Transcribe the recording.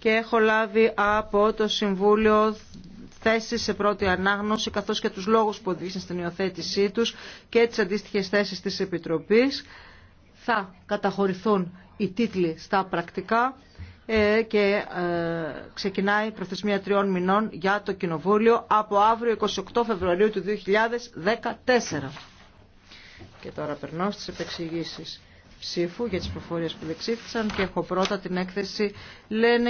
και έχω λάβει από το Συμβούλιο θέσει σε πρώτη ανάγνωση καθώς και τους λόγους που οδήγησαν στην υιοθέτησή τους και τις αντίστοιχες θέσεις της Επιτροπής. Θα καταχωρηθούν οι τίτλοι στα πρακτικά ε, και ε, ξεκινάει η προθεσμία τριών μηνών για το Κοινοβούλιο από αύριο 28 Φεβρουαρίου του 2014. Και τώρα περνώ στις επεξηγήσεις ψήφου για τις προφορίες που δεξήφθησαν και έχω πρώτα την έκθεση λένε